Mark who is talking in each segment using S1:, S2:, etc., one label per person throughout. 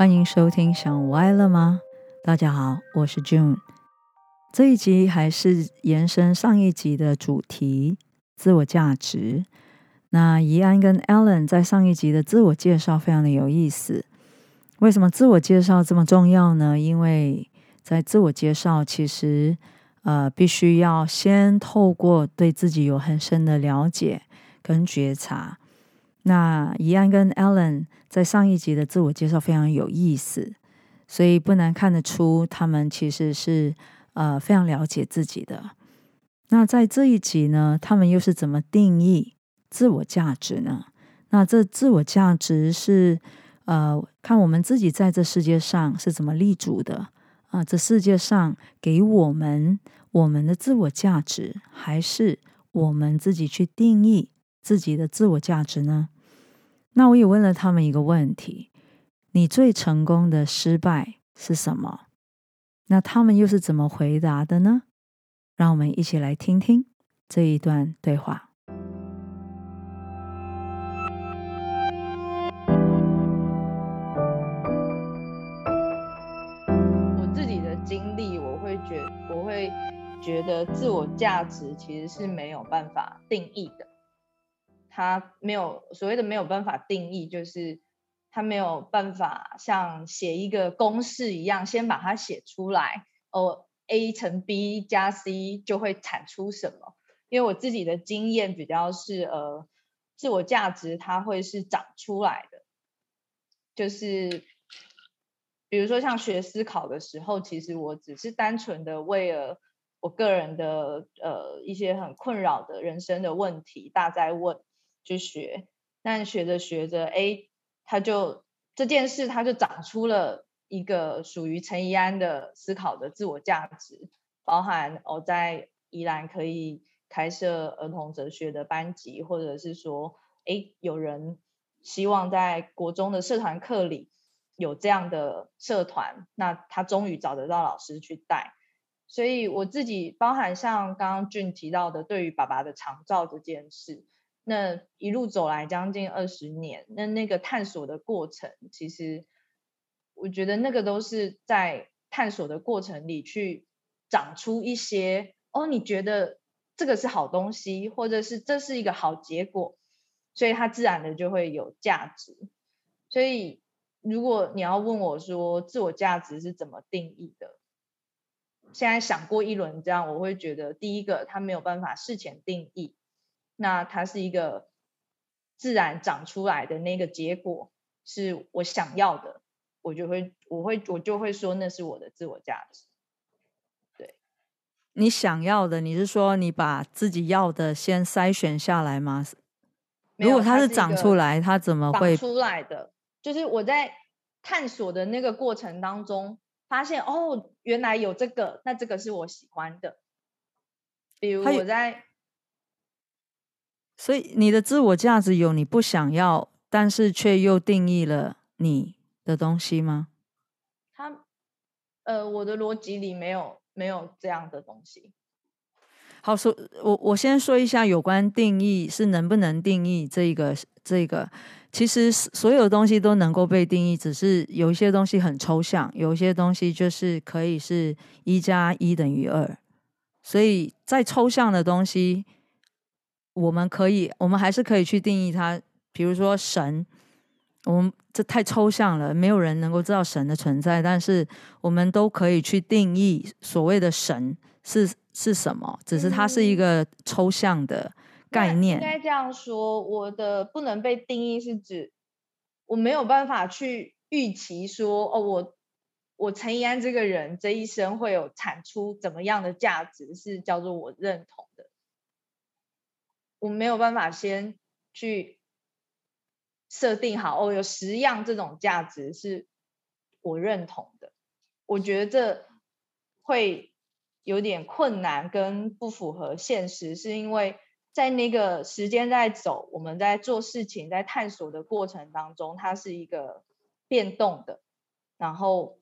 S1: 歡迎收聽，想歪了嗎？大家好，我是 June。這一集還是延伸上一集的主題——自我價值。那怡安跟 Allen 在上一集的自我介紹非常的有意思。為什麼自我介紹這麼重要呢？因為在自我介紹，其實呃，必須要先透過對自己有很深的了解跟覺察。那怡安跟 Allen 在上一集的自我介紹非常有意思，所以不難看得出他們其實是呃非常了解自己的。那在這一集呢，他們又是怎麼定義自我價值呢？那這自我價值是呃看我們自己在這世界上是怎麼立足的啊？呃，這世界上給我們我們的自我價值，還是我們自己去定義？自己的自我價值呢？那我也問了他們一個問題：你最成功的失敗是什麼？那他們又是怎麼回答的呢？讓我們一起來聽聽這一段對話。
S2: 我自己的經歷，我會覺，我會覺得自我價值其實是沒有辦法定義的。他沒有所謂的沒有辦法定義，就是他沒有辦法像寫一個公式一樣先把它寫出來。哦，A 乘 B 加 C 就會產出什麼？因為我自己的經驗比較是，呃，自我價值它會是長出來的。就是比如說像學思考的時候，其實我只是單純的為了我個人的呃一些很困擾的人生的問題大家問。去學，但學着學着，哎，他就這件事，他就長出了一個屬於陳怡安的思考的自我價值，包含我，哦，在宜蘭可以開設兒童哲學的班級，或者是說，哎，有人希望在國中的社團課裡有這樣的社團，那他終於找得到老師去帶。所以我自己包含像剛剛俊提到的，對於爸爸的長照這件事。那一路走來將近二十年，那那個探索的過程，其實我覺得那個都是在探索的過程裡去長出一些，哦，你覺得這個是好東西，或者是這是一個好結果，所以它自然的就會有價值。所以如果你要問我說自我價值是怎麼定義的，現在想過一輪這樣，我會覺得第一個它沒有辦法事前定義，那它是一個自然長出來的那個結果，是我想要的，我就會，我會，我就會說那是我的自我價值。對，
S1: 你想要的，你是說你把自己要的先篩選下來嗎？如果它是長出來，它怎麼會出
S2: 來的？就是我在探索的那個過程當中，發現哦，原來有這個，那這個是我喜歡的。比如我在。
S1: 所以，你的自我價值有你不想要，但是卻又定義了你的東西嗎？
S2: 他，呃，我的邏輯裡沒有沒有這樣的東西。
S1: 好，所以我我先說一下有關定義是能不能定義這個這個，其實所有東西都能夠被定義，只是有一些東西很抽象，有一些東西就是可以是一加一等於二，所以在抽象的東西。我們可以，我們還是可以去定義它。比如說神，我們這太抽象了，沒有人能夠知道神的存在。但是我們都可以去定義所謂的神是是什麼，只是它是一個抽象的概念。嗯，應
S2: 該這樣說，我的不能被定義是指我沒有辦法去預期說哦，我我陳怡安這個人這一生會有產出怎麼樣的價值，是叫做我認同的。我沒有辦法先去設定好哦，有十樣這種價值是我認同的，我覺得這會有點困難跟不符合現實，是因為在那個時間在走，我們在做事情在探索的過程當中，它是一個變動的，然後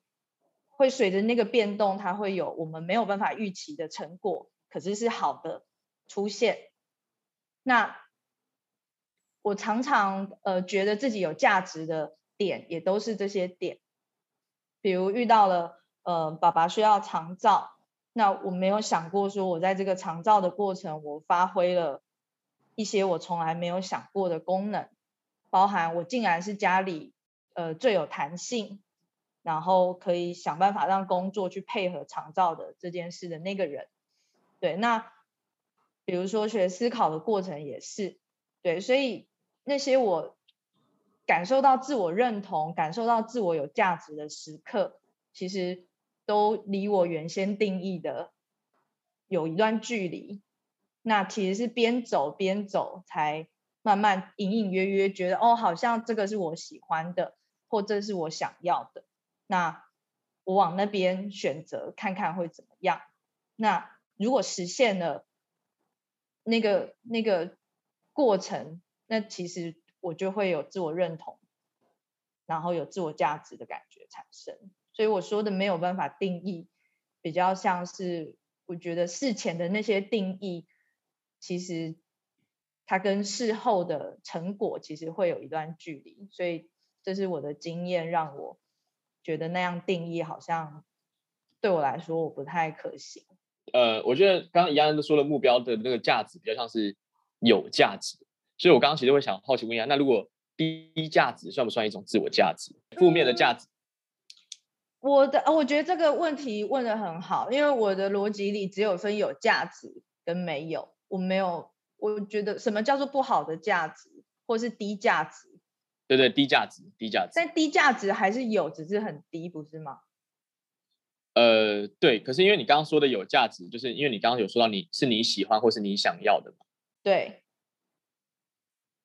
S2: 會隨着那個變動，它會有我們沒有辦法預期的成果，可是是好的出現。那我常常呃覺得自己有價值的點也都是這些點，比如遇到了呃爸爸需要長照，那我沒有想過說我在這個長照的過程，我發揮了一些我從來沒有想過的功能，包含我竟然是家裡呃最有彈性，然後可以想辦法讓工作去配合長照的這件事的那個人，對，那。比如說學思考的過程也是，對，所以那些我感受到自我認同、感受到自我有價值的時刻，其實都離我原先定義的有一段距離。那其實是邊走邊走，才慢慢隱隱約約覺得，哦，好像這個是我喜歡的，或這是我想要的。那我往那邊選擇看看會怎麼樣，那如果實現了那個那個過程，那其實我就會有自我認同，然後有自我價值的感覺產生。所以我說的沒有辦法定義，比較像是我覺得事前的那些定義，其實它跟事後的成果其實會有一段距離。所以這是我的經驗，讓我覺得那樣定義好像對我來說我不太可行。
S3: 呃，我覺得剛剛怡安都說了，目標的那個價值比較像是有價值，所以我剛剛其實會想好奇問一下，那如果低價值算不算一種自我價值？負面的價值？嗯？
S2: 我的，我覺得這個問題問得很好，因為我的邏輯裡只有分有價值跟沒有，我沒有，我覺得什麼叫做不好的價值，或是低價值？
S3: 對對，低價值，低價值，
S2: 但低價值還是有，只是很低，不是嗎？
S3: 呃，對，可是因為你剛剛說的有價值，就是因為你剛剛有說到你是你喜歡或是你想要的嘛。
S2: 對，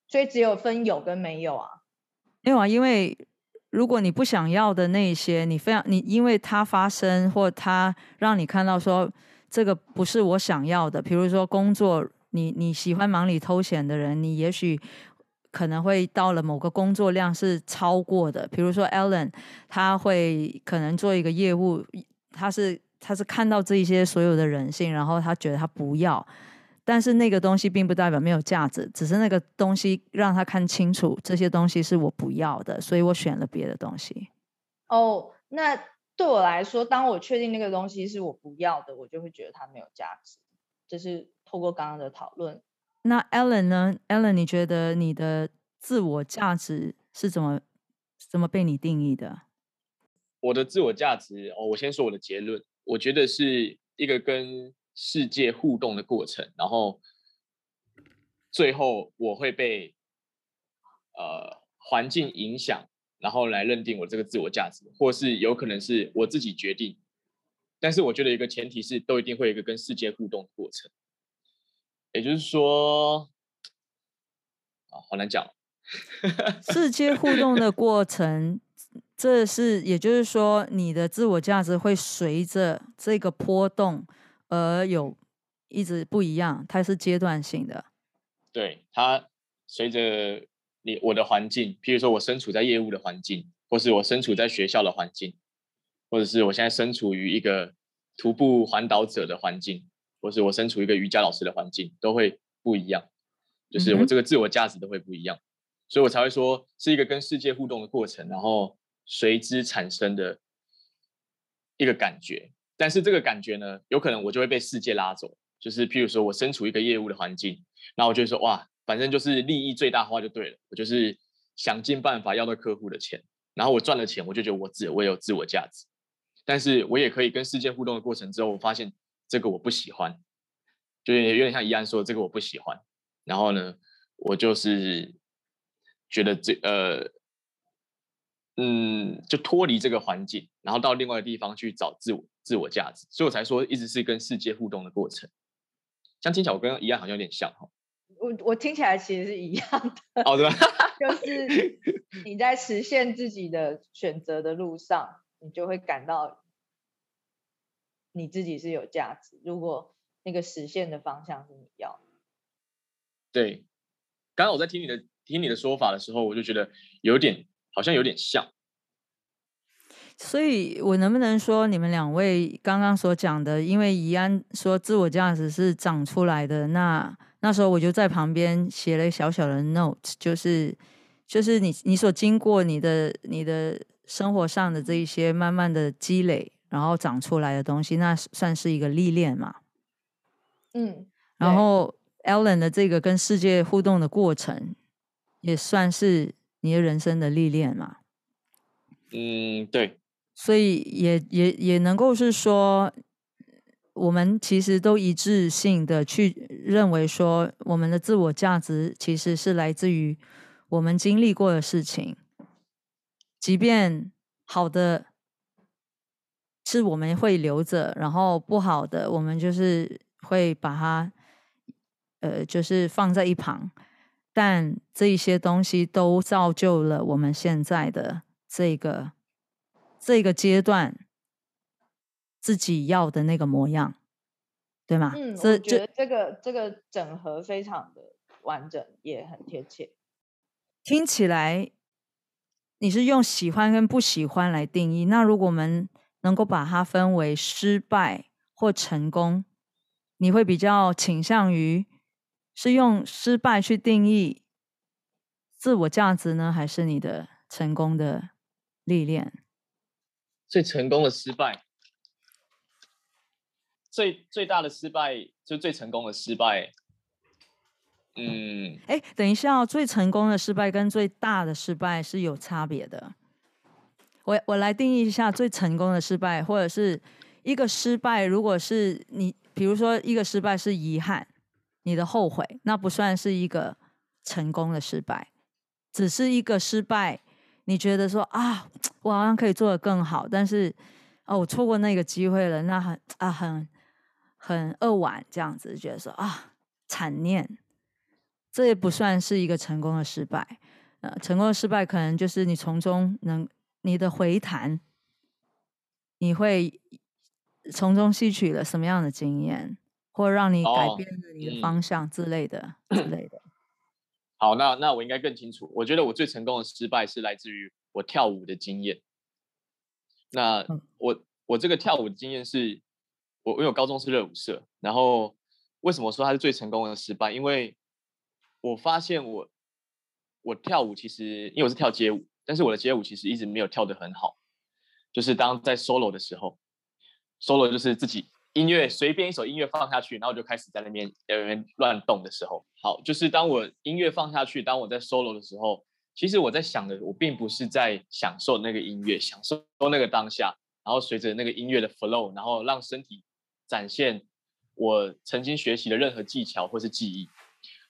S2: 所以只有分有跟沒有啊。
S1: 沒有啊，因為如果你不想要的那些，你非常你因為它發生或它讓你看到說這個不是我想要的，比如說工作，你你喜歡忙裡偷閒的人，你也許可能會到了某個工作量是超過的，比如說 Allen，他會可能做一個業務。他是他是看到這一些所有的人性，然後他覺得他不要，但是那個東西並不代表沒有價值，只是那個東西讓他看清楚這些東西是我不要的，所以我選了別的東西。
S2: 哦，oh, 那對我來說，當我確定那個東西是我不要的，我就會覺得它沒有價值。就是透過剛剛的討論，
S1: 那 Allen 呢？Allen，你覺得你的自我價值是怎麼怎麼被你定義的？
S3: 我的自我價值哦，我先說我的結論，我覺得是一個跟世界互動的過程，然後最後我會被呃環境影響，然後來認定我這個自我價值，或是有可能是我自己決定。但是我覺得一個前提是，都一定會有一個跟世界互動的過程，也就是說，哦，好難講，
S1: 世界互動的過程。 這是也就是說，你的自我價值會隨着這個波動而有一直不一樣，它是階段性的。
S3: 對，它隨着你我的環境，譬如說我身處在業務的環境，或是我身處在學校的環境，或者是我現在身處於一個徒步環島者的環境，或是我身處一個瑜伽老師的環境，都會不一樣。就是我這個自我價值都會不一樣，Okay. 所以我才會說是一個跟世界互動的過程，然後，隨之產生的一個感覺，但是這個感覺呢，有可能我就會被世界拉走。就是，譬如說，我身處一個業務的環境，那我就說，哇，反正就是利益最大化就對了。我就是想盡辦法要到客戶的錢，然後我賺了錢，我就覺得我自我也有自我價值。但是我也可以跟世界互動的過程之後，我發現這個我不喜歡，就有點像怡安說的，這個我不喜歡。然後呢，我就是覺得這呃。嗯，就脫離這個環境，然後到另外的地方去找自我自我價值，所以我才說一直是跟世界互動的過程。像聽起來我跟一樣好像有點像。我
S2: 我聽起來其實是一樣的。好的，就是你在實現自己的選擇的路上，你就會感到你自己是有價值，如果那個實現的方向是你要。
S3: 對，剛剛我在聽你的聽你的說法的時候，我就覺得有點。好像有
S2: 點像，所以
S1: 我能不能說你們兩位剛剛所講的？因為怡安說自我價值是長出來的，那那時候我就在旁邊寫了一小小的 note，就是就是你你所經過你的你的生活上的這一些慢慢的積累，然後長出來的東西，那算是一個歷練嘛。
S3: 嗯，
S1: 然後 Allen 的這個跟世界互動的過程，也算是。你人生的歷練嘛，
S3: 嗯，對，
S1: 所以也也也能夠是說，我們其實都一致性的去認為說，我們的自我價值其實是來自於我們經歷過的事情，即便好的是我們會留着，然後不好的我們就是會把它，呃，就是放在一旁。但這一些東西都造就了我們現在的這個這個階段自己要的那個模樣，對嗎？嗯，這，我覺
S2: 得這個，就，這個整合非常的完整，也很貼切。
S1: 聽起來你是用喜歡跟不喜歡來定義，那如果我們能夠把它分為失敗或成功，你會比較傾向於？是用失敗去定義自我價值呢，還是你的成功的歷練？
S3: 最成功的失敗，最最大的失敗，就最成功的失敗。
S1: 嗯，哎，等一下哦，最成功的失敗跟最大的失敗是有差別的。我我來定義一下最成功的失敗，或者是一個失敗，如果是你，比如說一個失敗是遺憾。你的後悔，那不算是一個成功的失敗，只是一個失敗。你覺得說啊，我好像可以做得更好，但是哦、啊，我錯過那個機會了，那很啊，很很扼腕，這樣子覺得說啊，殘念。這也不算是一個成功的失敗。呃，成功的失敗可能就是你從中能你的回彈，你會從中吸取了什麼樣的經驗？或讓你改變了你的方向之類的、哦嗯、之類的。
S3: 好，那那我應該更清楚。我覺得我最成功的失敗是來自於我跳舞的經驗。那我、嗯、我這個跳舞的經驗是，我因為我有高中是熱舞社。然後為什麼我說它是最成功的失敗？因為我發現我我跳舞其實，因為我是跳街舞，但是我的街舞其實一直沒有跳得很好。就是當在 solo 的時候，solo 就是自己。音樂隨便一首音樂放下去，然後就開始在那邊那邊亂動的時候，好，就是當我音樂放下去，當我在 solo 的時候，其實我在想的，我並不是在享受那個音樂，享受那個當下，然後隨着那個音樂的 flow，然後讓身體展現我曾經學習的任何技巧或是記憶。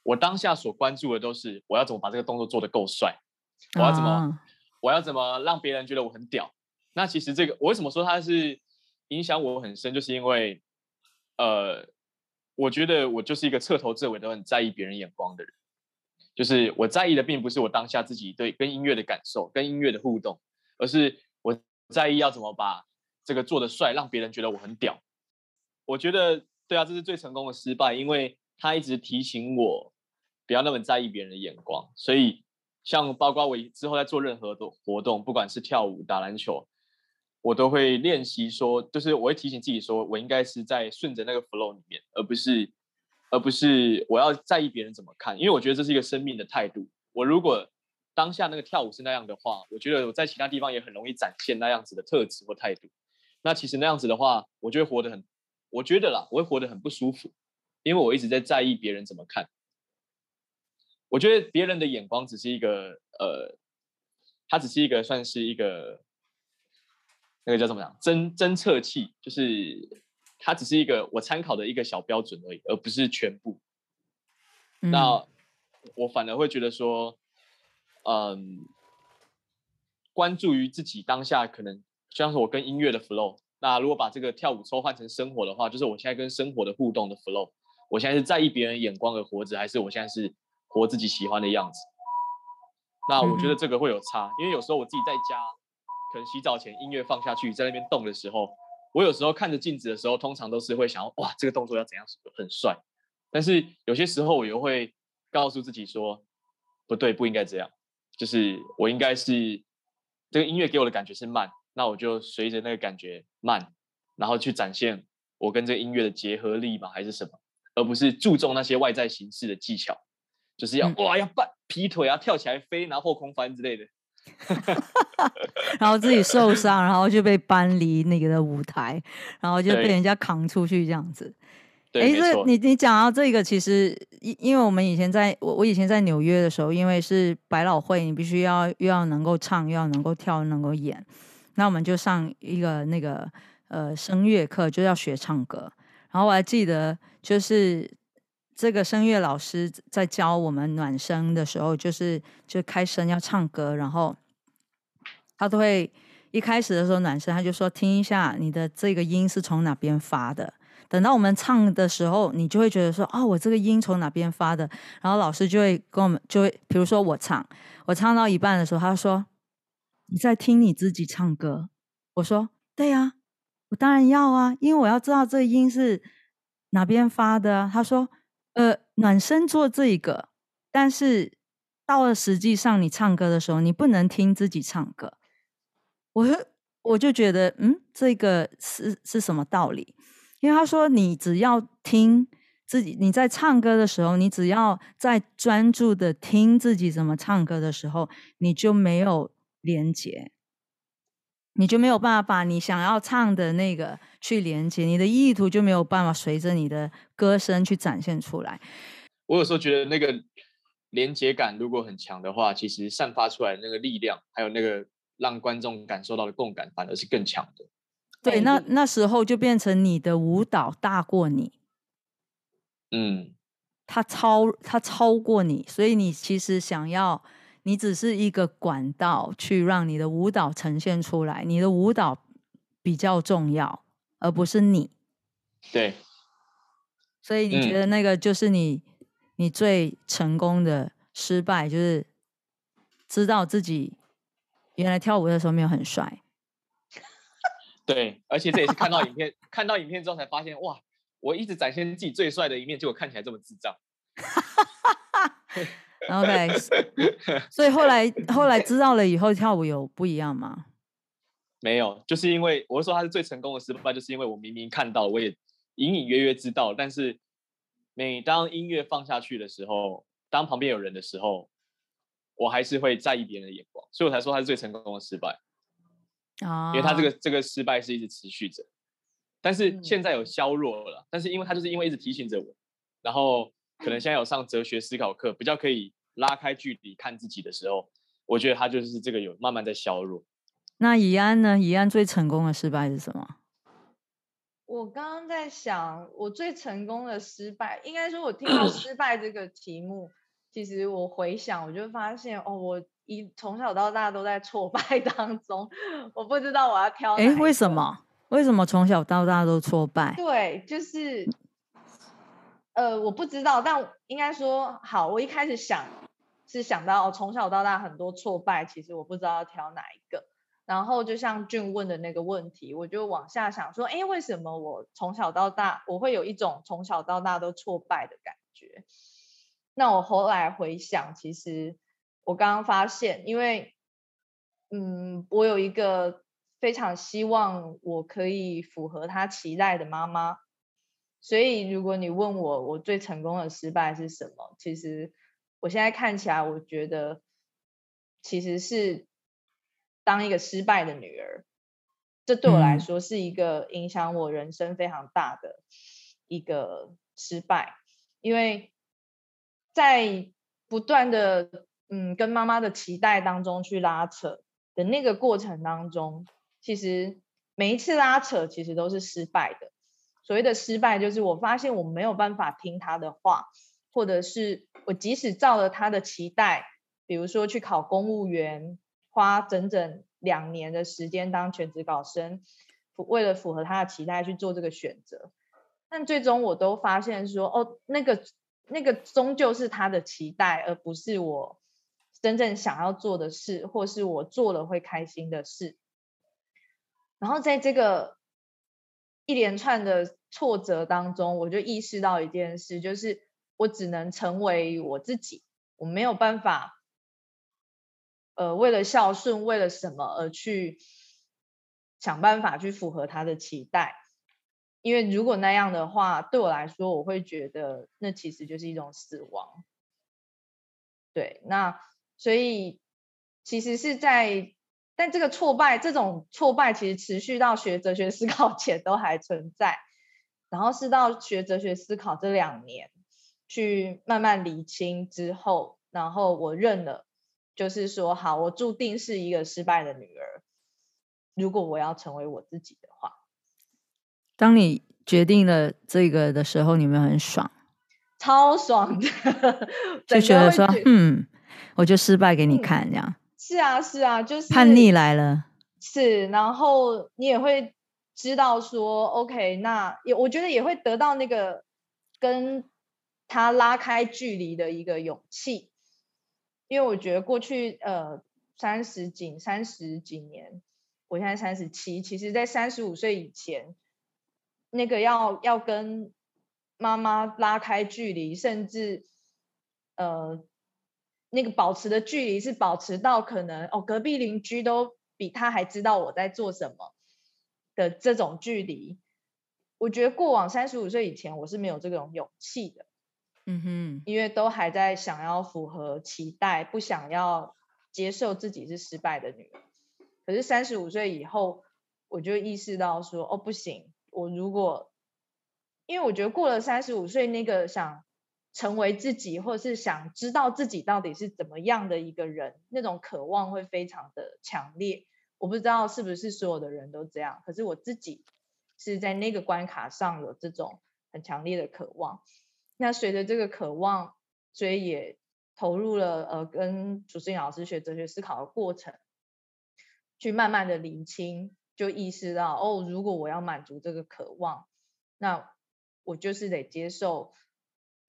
S3: 我當下所關注的都是我要怎麼把這個動作做得夠帥，我要怎麼，啊、我要怎麼讓別人覺得我很屌。那其實這個我為什麼說它是？影響我很深，就是因為，呃，我覺得我就是一個徹頭徹尾都很在意別人眼光的人，就是我在意的並不是我當下自己對跟音樂的感受、跟音樂的互動，而是我在意要怎麼把這個做得帥，讓別人覺得我很屌。我覺得，對啊，這是最成功的失敗，因為他一直提醒我不要那麼在意別人的眼光，所以像包括我之後在做任何的活動，不管是跳舞、打籃球。我都會練習說，就是我會提醒自己說，我應該是在順着那個 flow 裡面，而不是，而不是我要在意別人怎麼看。因為我覺得這是一個生命的態度。我如果當下那個跳舞是那樣的話，我覺得我在其他地方也很容易展現那樣子的特質或態度。那其實那樣子的話，我就會活得很，我覺得啦，我會活得很不舒服，因為我一直在在意別人怎麼看。我覺得別人的眼光只是一個，呃，他只是一個算是一個。那個叫什麼偵偵測器，就是它只是一個我參考的一個小標準而已，而不是全部。嗯、那我反而會覺得說，嗯，關注於自己當下可能，像是我跟音樂的 flow。那如果把這個跳舞抽換成生活的話，就是我現在跟生活的互動的 flow。我現在是在意別人眼光的活着，還是我現在是活自己喜歡的樣子？那我覺得這個會有差，嗯、因為有時候我自己在家。洗澡前音樂放下去，在那邊動的時候，我有時候看着鏡子的時候，通常都是會想要，哇，這個動作要怎樣很帥。但是有些時候我又會告訴自己說，不對，不應該這樣。就是我應該是這個音樂給我的感覺是慢，那我就隨着那個感覺慢，然後去展現我跟這個音樂的結合力吧，還是什麼，而不是注重那些外在形式的技巧，就是要、嗯、哇要半劈腿啊，跳起來飛，然後後空翻之類的。
S1: 然後自己受傷，然後就被搬離那個的舞台，然後就被人家扛出去這樣子。
S3: 哎，這你
S1: 你講到這個，其實因因為我們以前在，我我以前在紐約的時候，因為是百老匯，你必須要又要能夠唱，又要能夠跳，又能夠演。那我們就上一個那個呃聲樂課，就要學唱歌。然後我還記得就是。這個聲樂老師在教我們暖聲的時候，就是就開聲要唱歌，然後他都會一開始的時候暖聲，他就說聽一下你的這個音是從哪邊發的。等到我們唱的時候，你就會覺得說啊、哦，我這個音從哪邊發的？然後老師就會跟我們就會，比如說我唱，我唱到一半的時候他，他說你在聽你自己唱歌。我說，對啊，我當然要啊，因為我要知道這個音是哪邊發的。他說。呃，暖身做這一個，但是到了實際上你唱歌的時候，你不能聽自己唱歌。我我就覺得，嗯，這個是是什麼道理？因為他說，你只要聽自己，你在唱歌的時候，你只要在專注的聽自己怎麼唱歌的時候，你就沒有連接。你就沒有辦法把你想要唱的那個去連接，你的意圖就沒有辦法隨着你的歌聲去展現出來。
S3: 我有時候覺得，那個連接感如果很強的話，其實散發出來那個力量，還有那個讓觀眾感受到的共感，反而是更強的。
S1: 對，那那時候就變成你的舞蹈大過你，嗯，它超它超過你，所以你其實想要。你只是一個管道，去讓你的舞蹈呈現出來。你的舞蹈比較重要，而不是你。對。所以你覺得那個就是你，嗯、你最成功的失敗就是知道自己原來跳舞的時候沒有很帥。
S3: 對，而且這也是看到影片， 看到影片之後才發現，哇！我一直展現自己最帥的一面，結果看起來這麼智障。哈哈哈
S1: 哈 OK，所以後來後來知道了以後跳舞有不一樣嗎？
S3: 沒有，就是因為我是說他是最成功的失敗，就是因為我明明看到，我也隱隱約約知道，但是每當音樂放下去的時候，當旁邊有人的時候，我還是會在意別人的眼光，所以我才說他是最成功的失敗哦。啊、
S1: 因為他這個
S3: 這個失敗是一直持續着，但是現在有削弱了，嗯、但是因為他就是因為一直提醒着我，然後可能現在有上哲學思考課，比較可以。拉開距離看自己的時候，我覺得他就是這個有慢慢在削弱。
S1: 那怡安呢？怡安最成功的失敗是什麼？
S2: 我剛剛在想，我最成功的失敗，應該說，我聽到“失敗”這個題目， 其實我回想，我就發現，哦，我一從小到大都在挫敗當中。我不知道我要挑哪一個。哎，為
S1: 什麼？為什麼從小到大都挫敗？
S2: 對，就是，呃，我不知道，但應該說，好，我一開始想。是想到哦、從小到大很多挫敗，其實我不知道要挑哪一個。然後就像俊問的那個問題，我就往下想說，哎、欸，為什麼我從小到大我會有一種從小到大都挫敗的感覺？那我後來回想，其實我剛剛發現，因為，嗯，我有一個非常希望我可以符合他期待的媽媽，所以如果你問我我最成功的失敗是什麼，其實。我現在看起來，我覺得其實是當一個失敗的女兒，這對我來說是一個影響我人生非常大的一個失敗。嗯、因為在不斷的嗯跟媽媽的期待當中去拉扯的那個過程當中，其實每一次拉扯其實都是失敗的。所謂的失敗，就是我發現我沒有辦法聽她的話，或者是。我即使照了他的期待，比如說去考公務員，花整整兩年的時間當全職考生，為了符合他的期待去做這個選擇，但最終我都發現說，哦，那個那個終究是他的期待，而不是我真正想要做的事，或是我做了會開心的事。然後在這個一連串的挫折當中，我就意識到一件事，就是。我只能成為我自己，我沒有辦法，呃，為了孝順，為了什麼而去想辦法去符合他的期待。因為如果那樣的話，對我來說，我會覺得那其實就是一種死亡。對，那所以其實是在，但這個挫敗，這種挫敗其實持續到學哲學思考前都還存在，然後是到學哲學思考這兩年去慢慢理清之後，然後我認了，就是說好，我注定是一個失敗的女兒。如果我要成為我自己的話，
S1: 當你決定了這個的時候，你們很爽？
S2: 超爽的，就覺得說， 得嗯，
S1: 我就失敗給你看，這樣。
S2: 是啊，是啊，就是叛逆
S1: 來了。
S2: 是，然後你也會知道說，OK，那也我覺得也會得到那個跟。他拉開距離的一個勇氣，因為我覺得過去呃三十幾三十幾年，我現在三十七，其實在三十五歲以前，那個要要跟媽媽拉開距離，甚至呃那個保持的距離是保持到可能哦隔壁鄰居都比他還知道我在做什麼的這種距離，我覺得過往三十五歲以前我是沒有這種勇氣的。嗯哼， 因為都還在想要符合期待，不想要接受自己是失敗的女人。可是三十五歲以後，我就意識到說，哦，不行，我如果，因為我覺得過了三十五歲，那個想成為自己，或是想知道自己到底是怎麼樣的一個人，那種渴望會非常的強烈。我不知道是不是所有的人都這樣，可是我自己是在那個關卡上有這種很強烈的渴望。那隨着這個渴望，所以也投入了呃，跟褚士瑩老師學哲學思考的過程，去慢慢的理清，就意識到哦，如果我要滿足這個渴望，那我就是得接受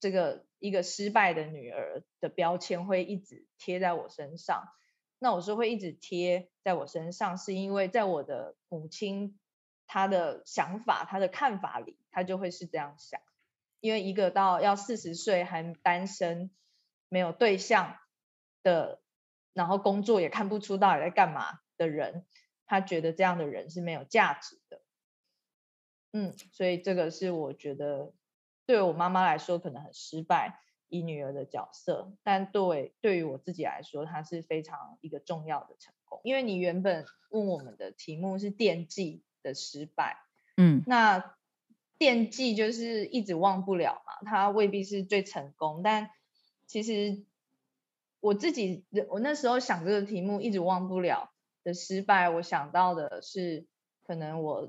S2: 這個一個失敗的女兒的標籤會一直貼在我身上。那我是會一直貼在我身上，是因為在我的母親她的想法、她的看法裡，她就會是這樣想。因為一個到要四十歲還單身、沒有對象的，然後工作也看不出到底在幹嘛的人，他覺得這樣的人是沒有價值的。嗯，所以這個是我覺得對我媽媽來說可能很失敗，以女兒的角色，但對對於我自己來說，她是非常一個重要的成功。因為你原本問我們的題目是電技的失敗，嗯，那。惦記就是一直忘不了嘛，他未必是最成功，但其實我自己，我那時候想這個題目一直忘不了的失敗，我想到的是，可能我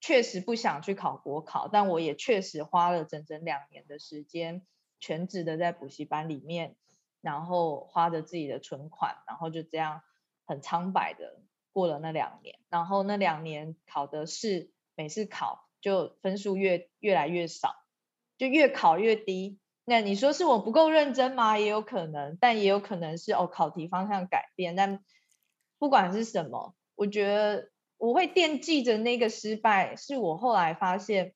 S2: 確實不想去考國考，但我也確實花了整整兩年的時間，全職的在補習班裡面，然後花着自己的存款，然後就這樣很蒼白的過了那兩年，然後那兩年考的是每次考就分數越越來越少，就越考越低。那你說是我不夠認真嗎？也有可能，但也有可能是哦，考題方向改變。但不管是什麼，我覺得我會惦記着那個失敗。是我後來發現，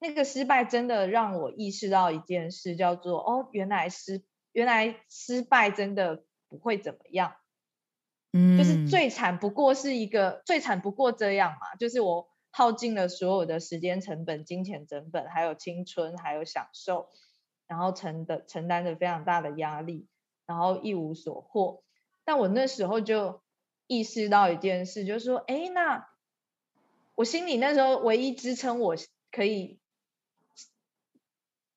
S2: 那個失敗真的讓我意識到一件事，叫做哦，原來失，原來失敗真的不會怎麼樣。
S1: 嗯，就是
S2: 最慘不過是一個，最慘不過這樣嘛，就是我。耗盡了所有的時間成本、金錢成本，還有青春，還有享受，然後承，的承擔着非常大的壓力，然後一無所獲。但我那時候就意識到一件事，就是說，哎、欸，那我心裡那時候唯一支撐我可以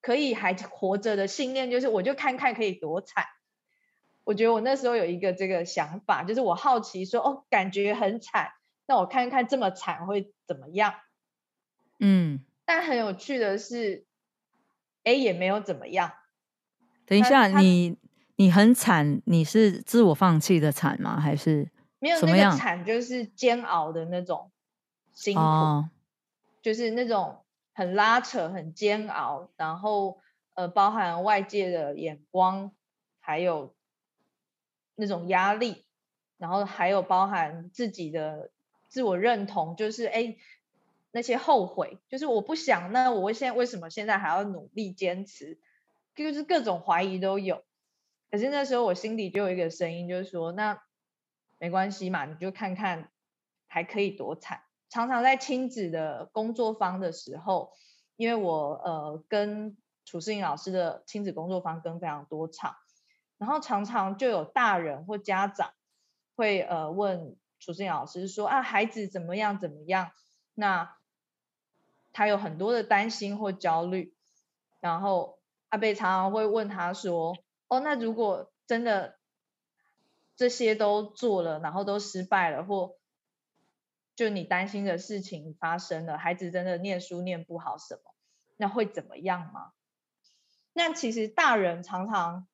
S2: 可以還活着的信念，就是我就看看可以多慘。我覺得我那時候有一個這個想法，就是我好奇說，哦，感覺很慘。那我看一看這麼慘會怎麼樣？
S1: 嗯，
S2: 但很有趣的是，A 也沒有怎麼樣。
S1: 等一下，他你你很慘，你是自我放棄的慘嗎？還是沒有？怎麼樣？
S2: 慘就是煎熬的那種辛
S1: 苦。
S2: 哦，就是那種很拉扯、很煎熬，然後呃，包含外界的眼光，還有那種壓力，然後還有包含自己的。自我認同就是哎、欸，那些後悔就是我不想，那我現在為什麼現在還要努力堅持？就是各種懷疑都有。可是那時候我心裡就有一個聲音，就是說那沒關係嘛，你就看看還可以多慘。常常在親子的工作坊的時候，因為我呃跟褚士瑩老師的親子工作坊跟非常多場，然後常常就有大人或家長會呃問。褚士瑩老師說：“啊，孩子怎麼樣怎麼樣？那他有很多的擔心或焦慮，然後阿北常常會問他說：‘哦，那如果真的這些都做了，然後都失敗了，或就你擔心的事情發生了，孩子真的念書念不好什麼，那會怎麼樣嗎？’那其實大人常常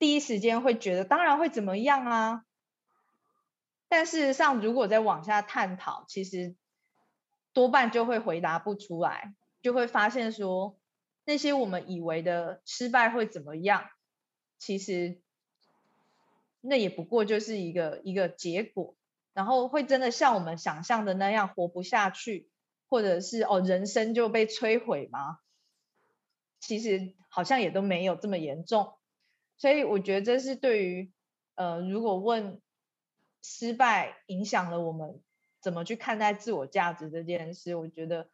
S2: 第一時間會覺得，當然會怎麼樣啊。”但事實上，如果再往下探討，其實多半就會回答不出來，就會發現說那些我們以為的失敗會怎麼樣，其實那也不過就是一個一個結果。然後會真的像我們想象的那樣活不下去，或者是哦，人生就被摧毀嗎？其實好像也都沒有這麼嚴重。所以我覺得這是對於呃，如果問。失敗影響了我們怎麼去看待自我價值這件事。我覺得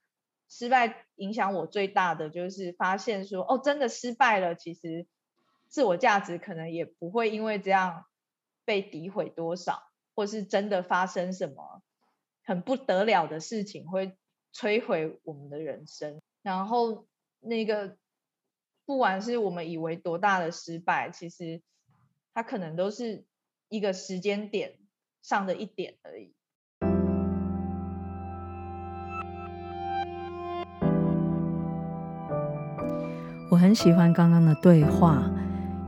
S2: 失敗影響我最大的就是發現說，哦，真的失敗了，其實自我價值可能也不會因為這樣被詆毀多少，或是真的發生什麼很不得了的事情會摧毀我們的人生。然後那個不管是我們以為多大的失敗，其實它可能都是一個時間點。上的
S1: 一點而已。我很喜歡剛剛的對話，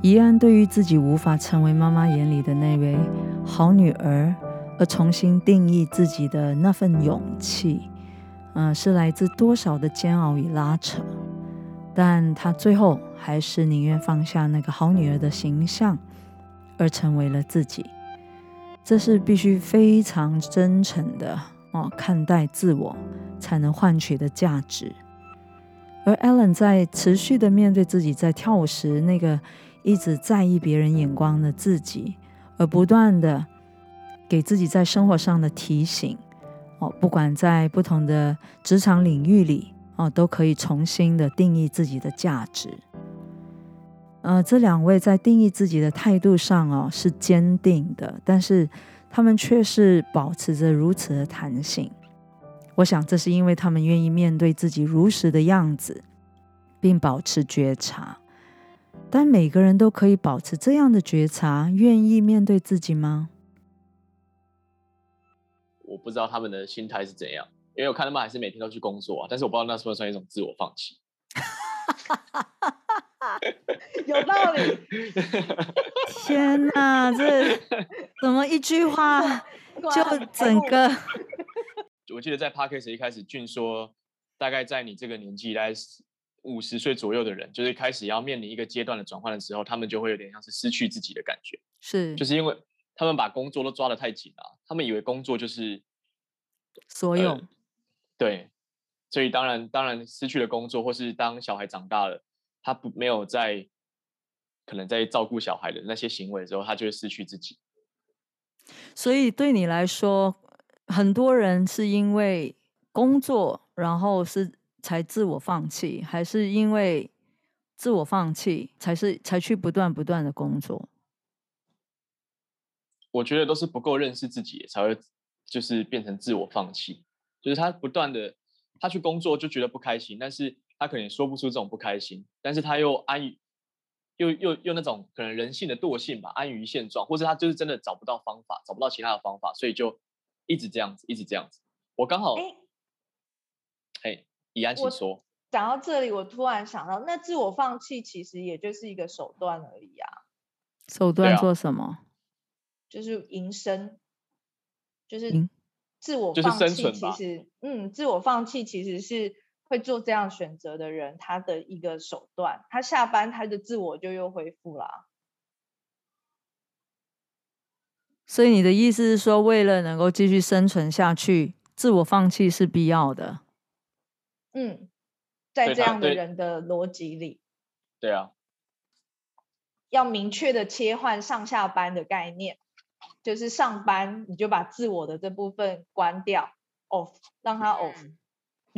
S1: 怡安對於自己無法成為媽媽眼裡的那位好女兒，而重新定義自己的那份勇氣，嗯、呃，是來自多少的煎熬與拉扯。但她最後還是寧願放下那個好女兒的形象，而成為了自己。這是必須非常真誠的哦，看待自我才能換取的價值。而 Alan 在持續的面對自己在跳舞時那個一直在意別人眼光的自己，而不斷的給自己在生活上的提醒哦，不管在不同的職場領域裡哦，都可以重新的定義自己的價值。呃，這兩位在定義自己的態度上哦，是堅定的，但是他們卻是保持着如此的彈性。我想這是因為他們願意面對自己如實的樣子，並保持覺察。但每個人都可以保持這樣的覺察，願意面對自己嗎？
S3: 我不知道他們的心態是怎樣，因為我看他們還是每天都去工作啊，但是我不知道那算不算一種自我放棄。
S1: 啊， 有道理！ 天哪，這怎麼一句話就整個？
S3: 我記得在 Podcast 一開始俊說，大概在你這個年紀，來五十歲左右的人，就是一開始要面臨一個階段的轉換的時候，他們就會有點像是失去自己的感覺。是，就是因為他們把工作都抓得太緊了、啊，他們以為工作就是所有、嗯。對，所以當然，當然失去了工作，或是當小孩長大了。他不沒有在，可能在照顧小孩的那些行為之後，他就會失去自己。
S1: 所以，對你來說，很多人是因為工作，然後是才自我放棄，還是因為自我放棄才是才去不斷不斷的工作？
S3: 我覺得都是不夠認識自己，才會就是變成自我放棄。就是他不斷的，他去工作就覺得不開心，但是。他可能也說不出這種不開心，但是他又安於，又又又那種可能人性的惰性吧，安於現狀，或是他就是真的找不到方法，找不到其他的方法，所以就一直這樣子，一直這樣子。我剛好，哎、欸，嘿、欸，怡安請說。
S2: 講到這裡，我突然想到，那自我放棄其實也就是一個手段而已啊。
S1: 手段做什麼？啊、
S2: 就是營生，就是自我，就是生存吧。其實，嗯，自我放棄其實是。會做這樣選擇的人，他的一個手段，他下班他的自我就又恢復了。
S1: 所以你的意思是說，為了能夠繼續生存下去，自我放棄是必要的？
S2: 嗯，在這樣的人的邏輯裡，對，對，對啊，要明確的切換上下班的概念，就是上班你就把自我的這部分關掉，off，讓它 off。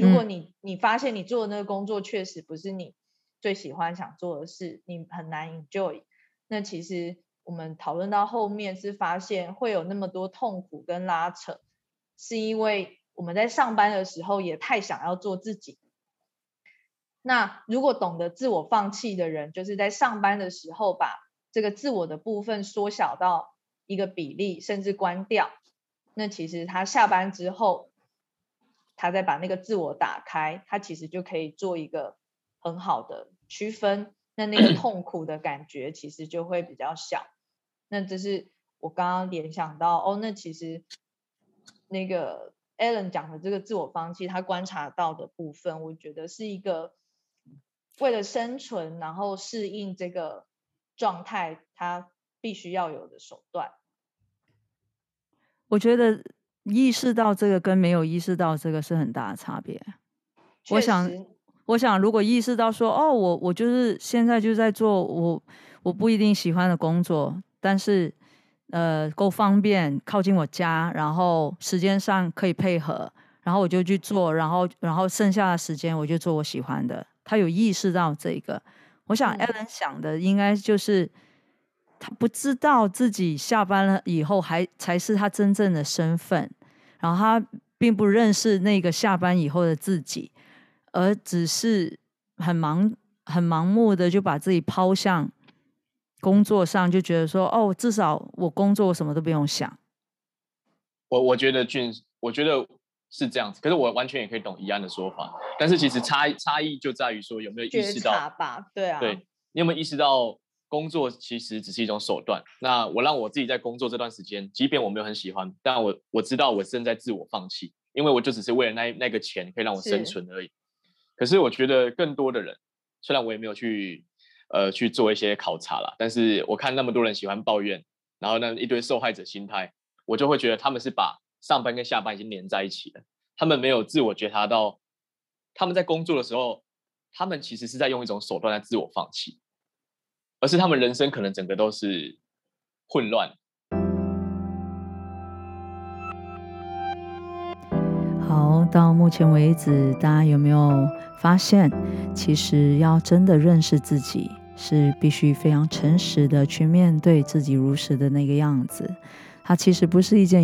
S2: 如果你你發現你做的那個工作確實不是你最喜歡想做的事，你很難 enjoy。那其實我們討論到後面是發現會有那麼多痛苦跟拉扯，是因為我們在上班的時候也太想要做自己。那如果懂得自我放棄的人，就是在上班的時候把這個自我的部分縮小到一個比例，甚至關掉。那其實他下班之後，他在把那個自我打開，他其實就可以做一個很好的區分。那那個痛苦的感覺其實就會比較小。那這是我剛剛聯想到哦，那其實那個 Allen 講的這個自我放棄，他觀察到的部分，我覺得是一個為了生存然後適應這個狀態，他必須要有的手段。
S1: 我覺得。意識到這個跟沒有意識到這個是很大的差別，確實。我想，我想如果意識到說，哦，我我就是現在就在做我我不一定喜歡的工作，嗯、但是呃夠方便，靠近我家，然後時間上可以配合，然後我就去做，嗯、然後然後剩下的時間我就做我喜歡的。他有意識到這個。我想，Allen、嗯、想的應該就是他不知道自己下班了以後還才是他真正的身份。然後他並不認識那個下班以後的自己，而只是很盲、很盲目的就把自己拋向工作上，就覺得說：“哦，至少我工作，我什麼都不用想。
S3: 我”我我覺得俊，我覺得是這樣子。可是我完全也可以懂怡安的說法，但是其實差差異就在於說有沒有意識到
S2: 吧？對啊，對，
S3: 你有沒有意識到？工作其實只是一種手段。那我讓我自己在工作這段時間，即便我沒有很喜歡，但我我知道我正在自我放棄，因為我就只是為了那那個錢可以讓我生存而已。是。可是我覺得更多的人，雖然我也沒有去呃去做一些考察啦，但是我看那麼多人喜歡抱怨，然後呢，一堆受害者心態，我就會覺得他們是把上班跟下班已經連在一起了。他們沒有自我覺察到，他們在工作的時候，他們其實是在用一種手段在自我放棄。而是他們人生可能整個都是混亂。
S1: 好，到目前為止，大家有沒有發現，其實要真的認識自己，是必須非常誠實的去面對自己，如實的那個樣子。它其實不是一件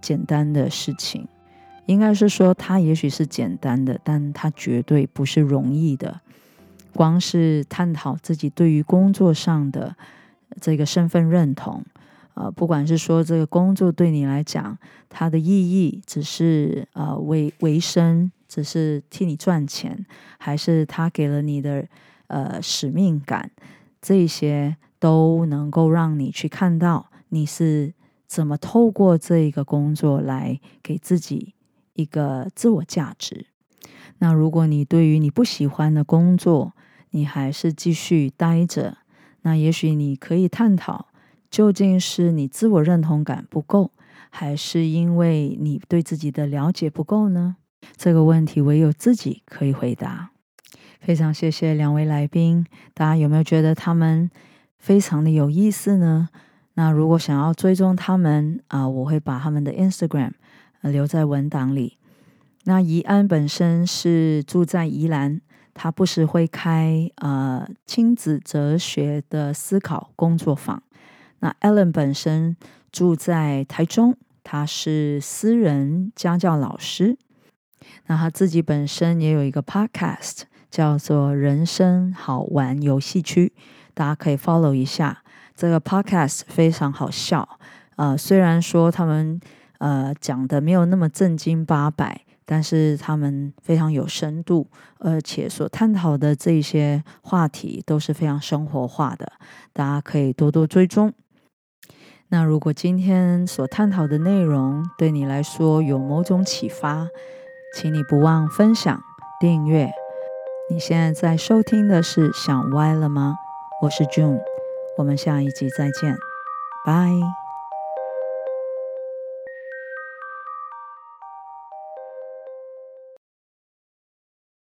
S1: 簡單的事情，應該是說它也許是簡單的，但它絕對不是容易的。光是探討自己對於工作上的這個身份認同，啊、呃，不管是說這個工作對你來講它的意義只是呃為，為生，只是替你賺錢，還是它給了你的呃使命感，這些都能夠讓你去看到你是怎麼透過這個工作來給自己一個自我價值。那如果你對於你不喜歡的工作，你還是繼續待着，那也許你可以探討，究竟是你自我認同感不夠，還是因為你對自己的了解不夠呢？這個問題唯有自己可以回答。非常謝謝兩位來賓，大家有沒有覺得他們非常的有意思呢？那如果想要追蹤他們啊、呃，我會把他們的 Instagram 留在文檔裡。那怡安本身是住在宜蘭。他不時會開呃親子哲學的思考工作坊。那 Allen 本身住在臺中，他是私人家教老師。那他自己本身也有一個 podcast，叫做“人生好玩遊戲區”，大家可以 follow 一下。這個 podcast 非常好笑，呃，雖然說他們呃講的沒有那麼正經八百。但是他們非常有深度，而且所探討的這些話題都是非常生活化的，大家可以多多追蹤。那如果今天所探討的內容對你來說有某種啟發，請你不忘分享、訂閱。你現在在收聽的是想歪了嗎？我是 June，我們下一集再見，拜。